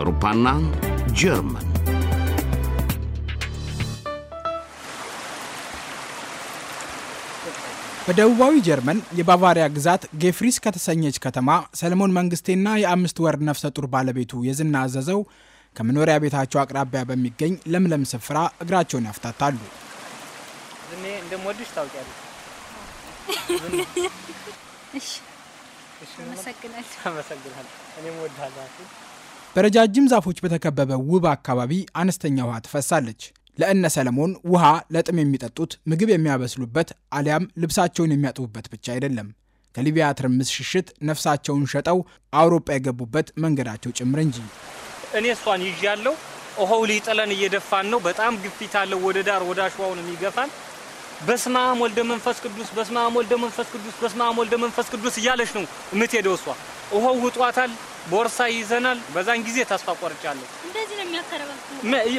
አውሮፓና ጀርመን በደቡባዊ ጀርመን የባቫሪያ ግዛት ጌፍሪስ ከተሰኘች ከተማ ሰለሞን መንግስቴና የአምስት ወር ነፍሰ ጡር ባለቤቱ የዝና አዘዘው ከመኖሪያ ቤታቸው አቅራቢያ በሚገኝ ለምለም ስፍራ እግራቸውን ያፍታታሉ። ዝኔ እንደምወድሽ ታውቂያለሽ። በረጃጅም ዛፎች በተከበበ ውብ አካባቢ አነስተኛ ውሃ ትፈሳለች። ለእነ ሰለሞን ውሃ ለጥም የሚጠጡት ምግብ የሚያበስሉበት አሊያም ልብሳቸውን የሚያጥቡበት ብቻ አይደለም። ከሊቢያ ትርምስ ሽሽት ነፍሳቸውን ሸጠው አውሮጳ የገቡበት መንገዳቸው ጭምር እንጂ። እኔ እሷን ይዣለሁ። ውሃው ሊጥለን እየደፋን ነው። በጣም ግፊት አለው። ወደ ዳር ወደ አሸዋውን የሚገፋን በስመ አብ ወልደ መንፈስ ቅዱስ በስመ አብ ወልደ መንፈስ ቅዱስ በስመ አብ ወልደ መንፈስ ቅዱስ እያለች ነው የምትሄደው እሷ። ውሃው ውጧታል፣ ቦርሳ ይዘናል። በዛን ጊዜ ተስፋ ቆርጫለሁ። እንደዚህ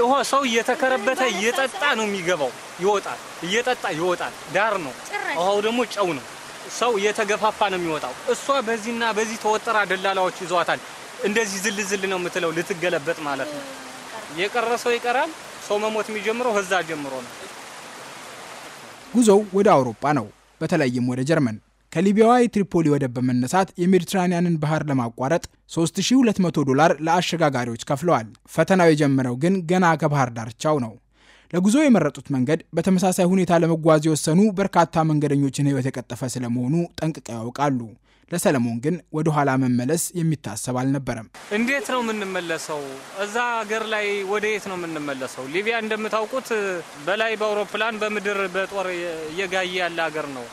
ነው ሰው እየተከረበተ እየጠጣ ነው የሚገባው፣ ይወጣል። እየጠጣ ይወጣል። ዳር ነው ውሃው ደግሞ ጨው ነው። ሰው እየተገፋፋ ነው የሚወጣው። እሷ በዚህና በዚህ ተወጥራ ደላላዎች ይዘዋታል። እንደዚህ ዝል ዝል ነው የምትለው፣ ልትገለበጥ ማለት ነው። የቀረ ሰው ይቀራል። ሰው መሞት የሚጀምረው ከዛ ጀምሮ ነው። ጉዞው ወደ አውሮፓ ነው፣ በተለይም ወደ ጀርመን። ከሊቢያዋ የትሪፖሊ ወደብ በመነሳት የሜዲትራኒያንን ባህር ለማቋረጥ 3200 ዶላር ለአሸጋጋሪዎች ከፍለዋል። ፈተናው የጀመረው ግን ገና ከባህር ዳርቻው ነው። ለጉዞ የመረጡት መንገድ በተመሳሳይ ሁኔታ ለመጓዝ የወሰኑ በርካታ መንገደኞችን ሕይወት የቀጠፈ ስለመሆኑ ጠንቅቀው ያውቃሉ። ለሰለሞን ግን ወደኋላ መመለስ የሚታሰብ አልነበረም። እንዴት ነው የምንመለሰው? እዛ ሀገር ላይ ወደ የት ነው የምንመለሰው? ሊቢያ እንደምታውቁት በላይ በአውሮፕላን በምድር በጦር እየጋየ ያለ ሀገር ነው።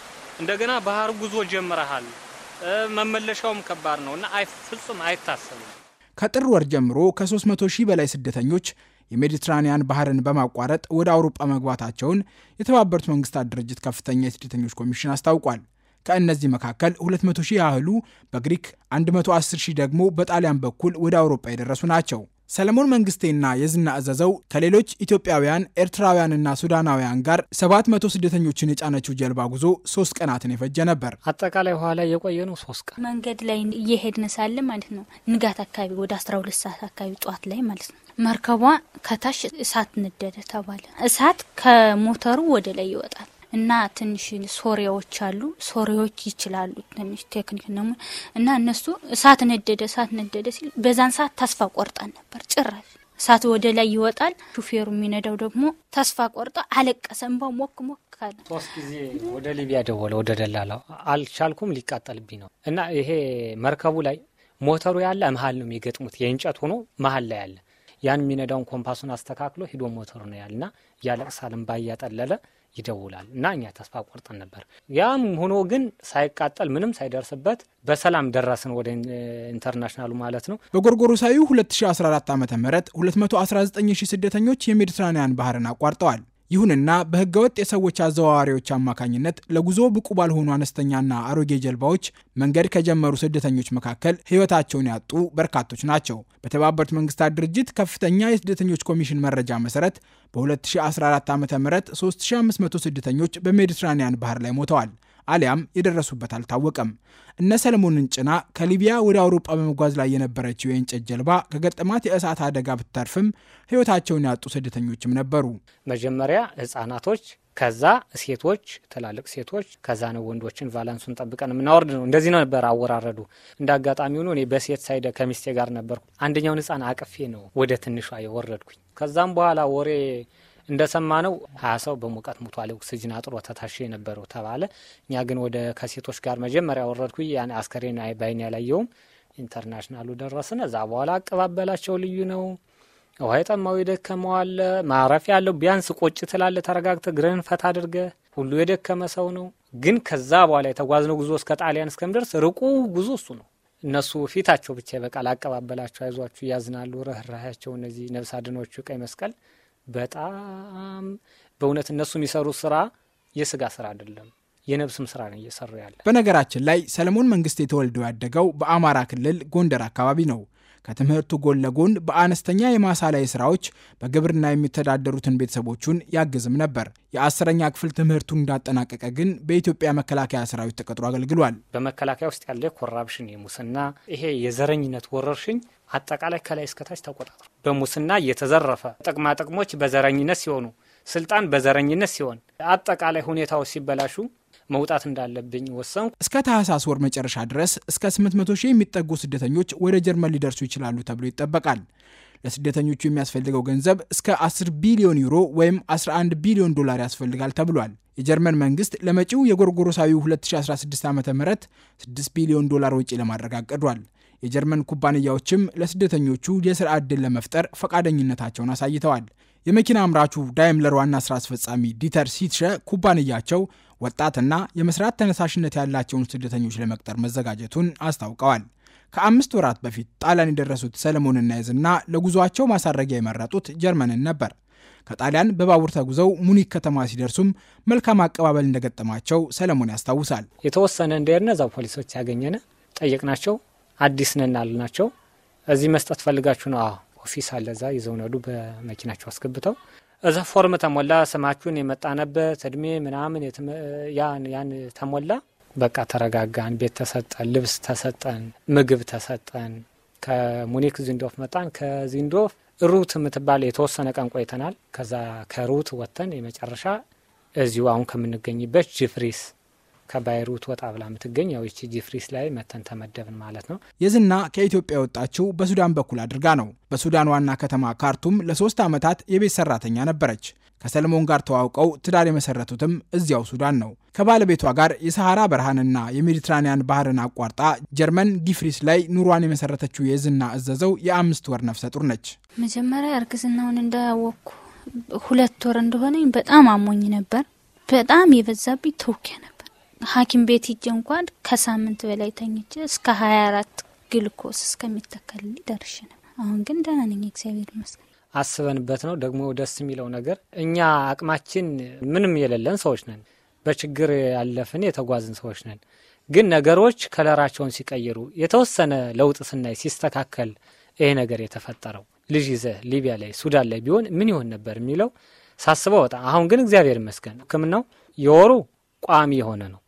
እንደገና ባህር ጉዞ ጀምረሃል። መመለሻውም ከባድ ነው እና ፍጹም አይታሰብም። ከጥር ወር ጀምሮ ከ300 ሺህ በላይ ስደተኞች የሜዲትራኒያን ባህርን በማቋረጥ ወደ አውሮፓ መግባታቸውን የተባበሩት መንግስታት ድርጅት ከፍተኛ የስደተኞች ኮሚሽን አስታውቋል። ከእነዚህ መካከል 200 ሺህ ያህሉ በግሪክ 110 ሺህ ደግሞ በጣሊያን በኩል ወደ አውሮፓ የደረሱ ናቸው። ሰለሞን መንግስቴና የዝና እዘዘው ከሌሎች ኢትዮጵያውያን ኤርትራውያንና ሱዳናውያን ጋር 700 ስደተኞችን የጫነችው ጀልባ ጉዞ ሶስት ቀናትን የፈጀ ነበር። አጠቃላይ ኋላ የቆየ ነው ሶስት ቀን መንገድ ላይ እየሄድን ሳለ ማለት ነው ንጋት አካባቢ ወደ 12 ሰዓት አካባቢ ጠዋት ላይ ማለት ነው መርከቧ ከታች እሳት ነደደ ተባለ። እሳት ከሞተሩ ወደ ላይ ይወጣል እና ትንሽ ሶሪያዎች አሉ። ሶሪያዎች ይችላሉ ትንሽ ቴክኒክ ነው እና እነሱ እሳት ነደደ እሳት ነደደ ሲል በዛን ሰዓት ተስፋ ቆርጠን ነበር። ጭራሽ እሳት ወደ ላይ ይወጣል። ሹፌሩ የሚነዳው ደግሞ ተስፋ ቆርጦ አለቀሰ። እንባ ሞክ ሞክ ካለ ሶስት ጊዜ ወደ ሊቢያ ደወለ ወደ ደላላው። አልቻልኩም፣ ሊቃጠልብኝ ነው እና ይሄ መርከቡ ላይ ሞተሩ ያለ መሀል ነው የሚገጥሙት የእንጨት ሆኖ መሀል ላይ ያለ ያን የሚነዳውን ኮምፓሱን አስተካክሎ ሂዶ ሞተሩ ነው ያልና ያለቅሳል፣ እንባ እያጠለለ ይደውላል እና እኛ ተስፋ ቆርጠን ነበር። ያም ሆኖ ግን ሳይቃጠል ምንም ሳይደርስበት በሰላም ደረስን ወደ ኢንተርናሽናሉ ማለት ነው። በጎርጎሮሳዊ 2014 ዓ ም 219 ሺህ ስደተኞች የሜዲትራንያን ባህርን አቋርጠዋል። ይሁንና በህገወጥ የሰዎች አዘዋዋሪዎች አማካኝነት ለጉዞ ብቁ ባልሆኑ አነስተኛና አሮጌ ጀልባዎች መንገድ ከጀመሩ ስደተኞች መካከል ህይወታቸውን ያጡ በርካቶች ናቸው። በተባበሩት መንግስታት ድርጅት ከፍተኛ የስደተኞች ኮሚሽን መረጃ መሰረት በ2014 ዓ ም 3500 ስደተኞች በሜዲትራኒያን ባህር ላይ ሞተዋል። አሊያም የደረሱበት አልታወቀም። እነ ሰለሞንን ጭና ከሊቢያ ወደ አውሮፓ በመጓዝ ላይ የነበረችው የእንጨት ጀልባ ከገጠማት የእሳት አደጋ ብትተርፍም ሕይወታቸውን ያጡ ስደተኞችም ነበሩ። መጀመሪያ ህጻናቶች፣ ከዛ ሴቶች፣ ትላልቅ ሴቶች፣ ከዛ ነው ወንዶችን ቫላንሱን ጠብቀን የምናወርድ ነው። እንደዚህ ነው ነበር አወራረዱ። እንደ አጋጣሚ ሆኖ እኔ በሴት ሳይደ ከሚስቴ ጋር ነበርኩ። አንደኛውን ህፃን አቅፌ ነው ወደ ትንሿ የወረድኩኝ። ከዛም በኋላ ወሬ እንደሰማነው ሀያ ሰው በሙቀት ሙቷል። ኦክስጅን አጥሮ ተታሽ የነበረው ተባለ። እኛ ግን ወደ ከሴቶች ጋር መጀመሪያ ወረድኩ። ያን አስከሬን ባይን ያላየውም ኢንተርናሽናሉ ደረስን። እዛ በኋላ አቀባበላቸው ልዩ ነው። ውሃ የጠማው የደከመው ማረፍ ያለው ቢያንስ ቆጭ ትላለ፣ ተረጋግተ ግረን ፈታ አድርገ ሁሉ የደከመ ሰው ነው። ግን ከዛ በኋላ የተጓዝነው ጉዞ እስከ ጣሊያን እስከምደርስ ርቁ ጉዞ እሱ ነው። እነሱ ፊታቸው ብቻ ይበቃል። አቀባበላቸው አይዟችሁ ያዝናሉ፣ ርኅራሄያቸው እነዚህ ነብስ አድኖቹ ቀይ መስቀል በጣም በእውነት እነሱ የሚሰሩ ስራ የስጋ ስራ አይደለም፣ የነብስም ስራ ነው እየሰሩ ያለ። በነገራችን ላይ ሰለሞን መንግስት የተወልደው ያደገው በአማራ ክልል ጎንደር አካባቢ ነው። ከትምህርቱ ጎን ለጎን በአነስተኛ የማሳ ላይ ስራዎች በግብርና የሚተዳደሩትን ቤተሰቦቹን ያግዝም ነበር። የአስረኛ ክፍል ትምህርቱ እንዳጠናቀቀ ግን በኢትዮጵያ መከላከያ ሰራዊት ተቀጥሮ አገልግሏል። በመከላከያ ውስጥ ያለ ኮራፕሽን፣ የሙስና ይሄ የዘረኝነት ወረርሽኝ አጠቃላይ ከላይ እስከታች ተቆጣጥሯል። በሙስና እየተዘረፈ ጥቅማጥቅሞች በዘረኝነት ሲሆኑ፣ ስልጣን በዘረኝነት ሲሆን፣ አጠቃላይ ሁኔታዎች ሲበላሹ መውጣት እንዳለብኝ ወሰንኩ። እስከ ታህሳስ ወር መጨረሻ ድረስ እስከ 800 ሺህ የሚጠጉ ስደተኞች ወደ ጀርመን ሊደርሱ ይችላሉ ተብሎ ይጠበቃል። ለስደተኞቹ የሚያስፈልገው ገንዘብ እስከ 10 ቢሊዮን ዩሮ ወይም 11 ቢሊዮን ዶላር ያስፈልጋል ተብሏል። የጀርመን መንግስት ለመጪው የጎርጎሮሳዊ 2016 ዓ ም 6 ቢሊዮን ዶላር ወጪ ለማድረግ አቅዷል። የጀርመን ኩባንያዎችም ለስደተኞቹ የስራ ዕድል ለመፍጠር ፈቃደኝነታቸውን አሳይተዋል። የመኪና አምራቹ ዳይምለር ዋና ስራ አስፈጻሚ ዲተር ሲትሸ ኩባንያቸው ወጣትና የመስራት ተነሳሽነት ያላቸውን ስደተኞች ለመቅጠር መዘጋጀቱን አስታውቀዋል። ከአምስት ወራት በፊት ጣሊያን የደረሱት ሰለሞንና የዝና ለጉዞአቸው ማሳረጊያ የመረጡት ጀርመንን ነበር። ከጣሊያን በባቡር ተጉዘው ሙኒክ ከተማ ሲደርሱም መልካም አቀባበል እንደገጠማቸው ሰለሞን ያስታውሳል። የተወሰነ እንደሄድን እዛው ፖሊሶች ያገኘን ጠየቅናቸው። አዲስ ነን ናቸው። እዚህ መስጠት ፈልጋችሁ ነው? ኦፊስ አለ እዛ ይዘው ነዱ በመኪናቸው አስገብተው እዛ ፎርም ተሞላ። ስማችሁን የመጣነበት እድሜ ምናምን ያን ተሞላ። በቃ ተረጋጋን። ቤት ተሰጠን፣ ልብስ ተሰጠን፣ ምግብ ተሰጠን። ከሙኒክ ዚንዶፍ መጣን። ከዚንዶፍ ሩት የምትባል የተወሰነ ቀን ቆይተናል። ከዛ ከሩት ወጥተን የመጨረሻ እዚሁ አሁን ከምንገኝበት ጅፍሪስ ከባይሩት ወጣ ብላ የምትገኝ ያው ይቺ ጅፍሪስ ላይ መተን ተመደብን ማለት ነው። የዝና ከኢትዮጵያ የወጣችው በሱዳን በኩል አድርጋ ነው። በሱዳን ዋና ከተማ ካርቱም ለሶስት ዓመታት የቤት ሰራተኛ ነበረች። ከሰለሞን ጋር ተዋውቀው ትዳር የመሰረቱትም እዚያው ሱዳን ነው። ከባለቤቷ ጋር የሰሐራ በርሃንና የሜዲትራኒያን ባህርን አቋርጣ ጀርመን ጊፍሪስ ላይ ኑሯን የመሰረተችው የዝና እዘዘው የአምስት ወር ነፍሰ ጡር ነች። መጀመሪያ እርግዝናውን እንዳያወቅኩ ሁለት ወር እንደሆነኝ በጣም አሞኝ ነበር። በጣም የበዛብኝ ተውኪያ ነበር ሐኪም ቤት ሂጄ እንኳን ከሳምንት በላይ ተኝቼ እስከ ሀያ አራት ግልኮስ እስከሚተከል ደርሽ ነው። አሁን ግን ደህና ነኝ፣ እግዚአብሔር ይመስገን። አስበንበት ነው ደግሞ ደስ የሚለው ነገር እኛ አቅማችን ምንም የሌለን ሰዎች ነን፣ በችግር ያለፍን የተጓዝን ሰዎች ነን። ግን ነገሮች ከለራቸውን ሲቀይሩ የተወሰነ ለውጥ ስናይ ሲስተካከል ይሄ ነገር የተፈጠረው ልጅ ይዘ ሊቢያ ላይ ሱዳን ላይ ቢሆን ምን ይሆን ነበር የሚለው ሳስበው ወጣ። አሁን ግን እግዚአብሔር ይመስገን ሕክምናው የወሩ ቋሚ የሆነ ነው።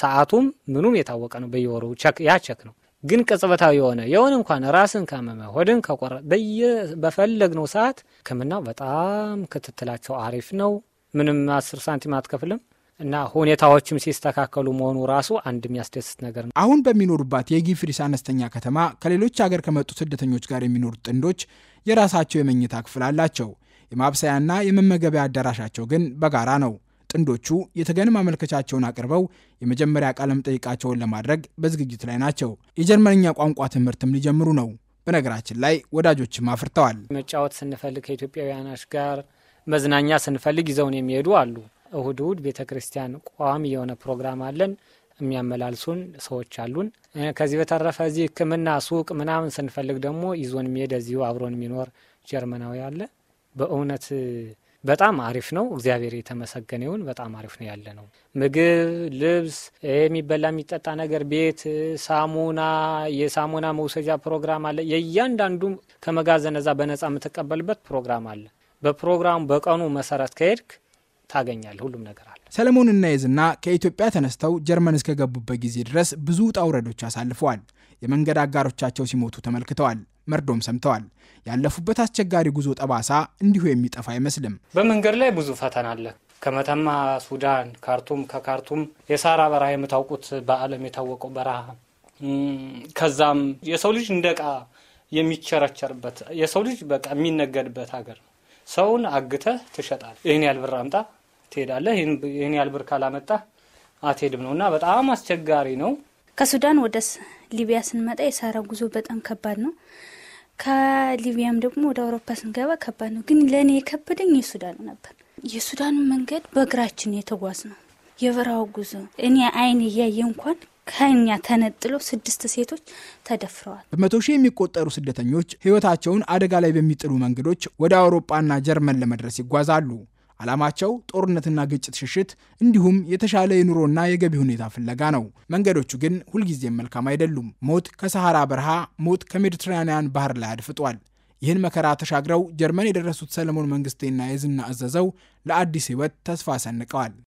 ሰዓቱም ምኑም የታወቀ ነው። በየወሩ ያ ቸክ ነው። ግን ቅጽበታዊ የሆነ የሆነ እንኳን ራስን ካመመ ሆድን ከቆረ በየ በፈለግነው ሰዓት ሕክምናው በጣም ክትትላቸው አሪፍ ነው። ምንም አስር ሳንቲም አትከፍልም። እና ሁኔታዎችም ሲስተካከሉ መሆኑ ራሱ አንድ የሚያስደስት ነገር ነው። አሁን በሚኖሩባት የጊፍሪስ አነስተኛ ከተማ ከሌሎች ሀገር ከመጡ ስደተኞች ጋር የሚኖሩት ጥንዶች የራሳቸው የመኝታ ክፍል አላቸው። የማብሰያና የመመገቢያ አዳራሻቸው ግን በጋራ ነው። ጥንዶቹ የተገን ማመልከቻቸውን አቅርበው የመጀመሪያ ቃለ መጠይቃቸውን ለማድረግ በዝግጅት ላይ ናቸው። የጀርመንኛ ቋንቋ ትምህርትም ሊጀምሩ ነው። በነገራችን ላይ ወዳጆችም አፍርተዋል። መጫወት ስንፈልግ ከኢትዮጵያውያኖች ጋር መዝናኛ ስንፈልግ ይዘውን የሚሄዱ አሉ። እሁድ እሁድ ቤተ ክርስቲያን ቋሚ የሆነ ፕሮግራም አለን። የሚያመላልሱን ሰዎች አሉን። ከዚህ በተረፈ እዚህ ሕክምና ሱቅ ምናምን ስንፈልግ ደግሞ ይዞን የሚሄድ እዚሁ አብሮን የሚኖር ጀርመናዊ አለ። በእውነት በጣም አሪፍ ነው። እግዚአብሔር የተመሰገነ ይሁን። በጣም አሪፍ ነው ያለ ነው። ምግብ፣ ልብስ፣ የሚበላ የሚጠጣ ነገር፣ ቤት፣ ሳሙና፣ የሳሙና መውሰጃ ፕሮግራም አለ። የእያንዳንዱ ከመጋዘን እዛ በነጻ የምትቀበልበት ፕሮግራም አለ። በፕሮግራሙ በቀኑ መሰረት ከሄድክ ታገኛል። ሁሉም ነገር አለ። ሰለሞን እና የዝና ከኢትዮጵያ ተነስተው ጀርመን እስከገቡበት ጊዜ ድረስ ብዙ ውጣ ውረዶች አሳልፈዋል። የመንገድ አጋሮቻቸው ሲሞቱ ተመልክተዋል። መርዶም ሰምተዋል። ያለፉበት አስቸጋሪ ጉዞ ጠባሳ እንዲሁ የሚጠፋ አይመስልም። በመንገድ ላይ ብዙ ፈተና አለ። ከመተማ ሱዳን፣ ካርቱም፣ ከካርቱም የሳራ በረሃ የምታውቁት በዓለም የታወቀው በረሃ ከዛም የሰው ልጅ እንደ ዕቃ የሚቸረቸርበት የሰው ልጅ በቃ የሚነገድበት ሀገር ነው። ሰውን አግተህ ትሸጣል። ይህን ያህል ብር አምጣ ትሄዳለህ። ይህን ያህል ብር ካላመጣ አትሄድም ነው እና በጣም አስቸጋሪ ነው። ከሱዳን ወደ ሊቢያ ስንመጣ የሳራ ጉዞ በጣም ከባድ ነው። ከሊቢያም ደግሞ ወደ አውሮፓ ስንገባ ከባድ ነው። ግን ለእኔ የከበደኝ የሱዳን ነበር። የሱዳን መንገድ በእግራችን የተጓዝ ነው። የበረሃው ጉዞ እኔ አይን እያየ እንኳን ከኛ ተነጥሎ ስድስት ሴቶች ተደፍረዋል። በመቶ ሺህ የሚቆጠሩ ስደተኞች ህይወታቸውን አደጋ ላይ በሚጥሉ መንገዶች ወደ አውሮጳና ጀርመን ለመድረስ ይጓዛሉ። ዓላማቸው ጦርነትና ግጭት ሽሽት እንዲሁም የተሻለ የኑሮና የገቢ ሁኔታ ፍለጋ ነው። መንገዶቹ ግን ሁልጊዜም መልካም አይደሉም። ሞት ከሰሐራ በረሃ፣ ሞት ከሜዲትራንያን ባህር ላይ አድፍጧል። ይህን መከራ ተሻግረው ጀርመን የደረሱት ሰለሞን መንግስቴና የዝና አዘዘው ለአዲስ ሕይወት ተስፋ ሰንቀዋል።